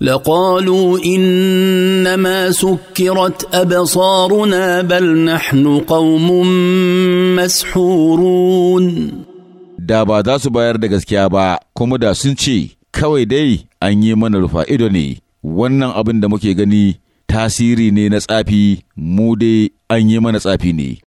لقالوا انما سكرت ابصارنا بل نحن قوم مسحورون da ba za su bayar da gaskiya ba kuma da sun ce kawai dai an yi mana rufa ido ne wannan abin da muke gani tasiri ne na tsafi mu dai an yi mana tsafi ne